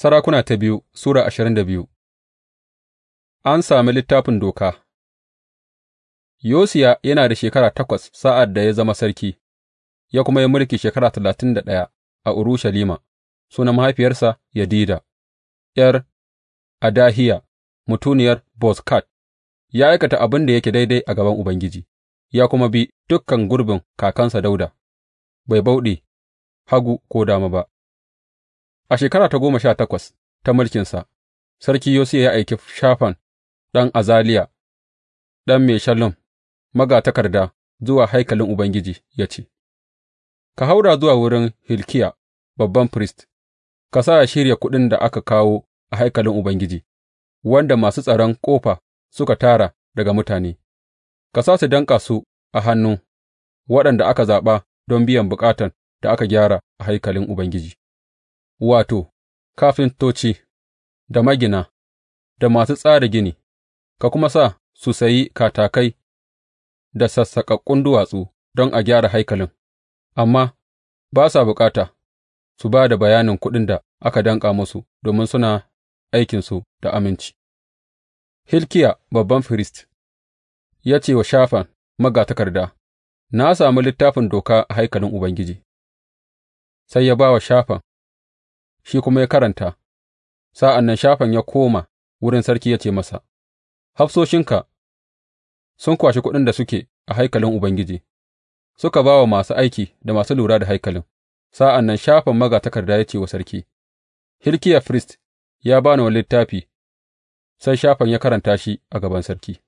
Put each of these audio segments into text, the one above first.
Sarakuna ta biyu Sura ashirin da biyu An sami littafin doka Yosiya yana da shekara takwas sa'ad da ya zama sarki, ya kuma yi mulki shekara talatin da ɗaya a Urushalima, sunan mahaifiyarsa Yadida. ’yar Adahiya, mutuniyar Bozkat, ya aikata abin da yake daidai a gaban Ubangiji, ya kuma bi dukkan gurbin kakansa Dauda. bai bauɗe hagu ko dama ba. A shekara ta goma sha takwas ta mulkinsa, Sarki Yosiya ya aiki Shafan ɗan Azaliya, ɗan Meshullam, magatakarda zuwa haikalin Ubangiji ya ce, Ka haura zuwa wurin Hilkiya, babban firist, ka sa ya shirya kuɗin da aka kawo a haikalin Ubangiji, wanda masu tsaron ƙofa suka tara daga mutane, ka sa su danƙa su a hannu waɗanda aka zaɓa don biyan bukatan da aka gyara a haikalin Ubangiji. wato, kafintoci, da magina, da masu tsara gini, ka kuma sa su sayi katakai da sassaƙaƙƙun duwatsu don a gyara haikalin, amma ba sa bukata su ba da bayanin kuɗin da aka danƙa musu domin suna aikinsu da aminci. Hilkiya babban firist ya ce wa Shafan magatakarda, Na sami littafin doka a haikalin Ubangiji, sai ya ba wa Shafan shi kuma ya karanta, sa'an nan Shafan ya koma wurin sarki ya ce masa, Hafsoshinka sun kwashi kuɗin da suke a haikalin Ubangiji, suka ba wa masu aiki da masu lura da haikalin, sa'an nan Shafan magatakarda ya ce wa sarki, Hilkiya firist ya ba ni wani littafi, sai Shafan ya karanta shi a gaban sarki.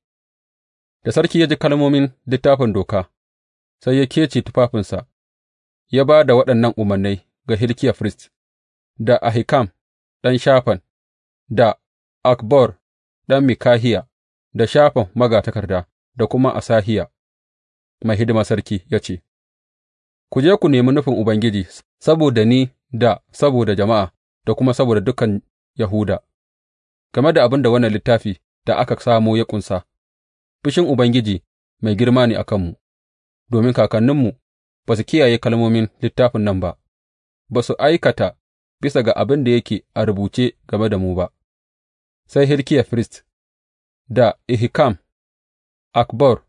Da sarki ya ji kalmomin littafin doka, sai ya kece tufafinsa, ya ba da waɗannan umarnai ga Hilkiya firist. da Ahikam ɗan Shafan, da Akbor ɗan Mikahiya, da Shafan magatakarda, da kuma Asahiya mai hidimar sarki ya ce, Ku je ku nemi nufin Ubangiji saboda ni da saboda jama'a da kuma saboda dukan Yahuda, game da abin da wannan littafi da aka samo ya ƙunsa, fushin Ubangiji mai girma ne a kanmu, domin kakanninmu ba su kiyaye kalmomin littafin nan ba, ba su aikata bisa ga abin da yake a rubuce game da mu ba, sai Hilkiya firist, da Ihikam, Akbor,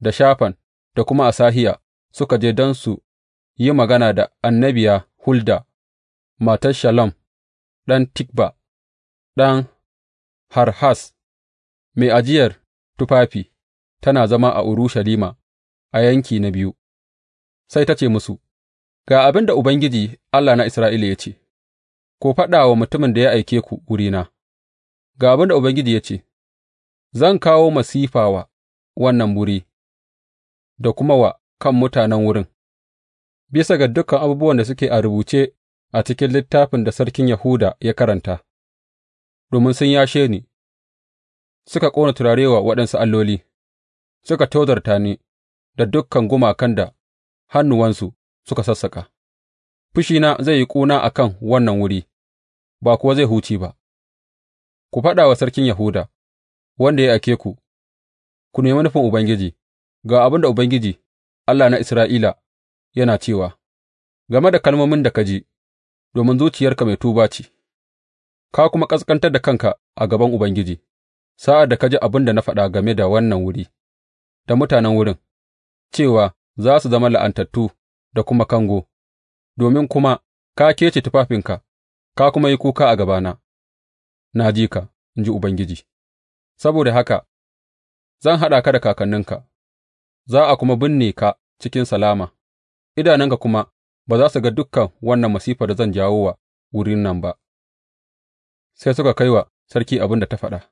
da Shafan, da kuma Asahiya suka je don su yi magana da annabiya Hulda, matar Shalom, ɗan Tikba, ɗan Harhas, mai ajiyar tufafi, tana zama a Urushalima a yanki na biyu, sai ta ce musu, Ga abin da Ubangiji Allah na Isra'ila ya ce. Ko faɗa wa mutumin da ya aike ku wurina, Ga abin da Ubangiji ya ce, Zan kawo masifa wa wannan wuri da kuma wa kan mutanen wurin, bisa ga dukan abubuwan da suke a rubuce a cikin littafin da sarkin Yahuda ya karanta, domin sun yashe ni, suka ƙona turare wa waɗansu alloli, suka tozarta ni da dukan gumakan da hannuwansu suka sassaƙa. Fushina zai yi ƙuna a kan wannan wuri, ba kuwa zai huce ba, ku faɗa wa sarkin Yahuda, wanda ya ake ku, ku nemi nufin Ubangiji, ga abin da Ubangiji, Allah na Isra'ila, yana cewa, game da kalmomin da ka ji, domin zuciyarka mai tuba ce, ka kuma ƙasƙantar da kanka a gaban Ubangiji, sa'ad da ka ji abin da na faɗa game da wannan wuri, da mutanen wurin, cewa za su zama la'antattu da kuma kango, domin kuma ka kece tufafinka ka kuma yi kuka a gabana, na ji ka, in ji Ubangiji, saboda haka zan haɗa ka da kakanninka, za a kuma binne ka cikin salama, idanunka kuma ba za su ga dukkan wannan masifar da zan jawo wa wurin nan ba. Sai suka kai wa sarki abin da ta faɗa.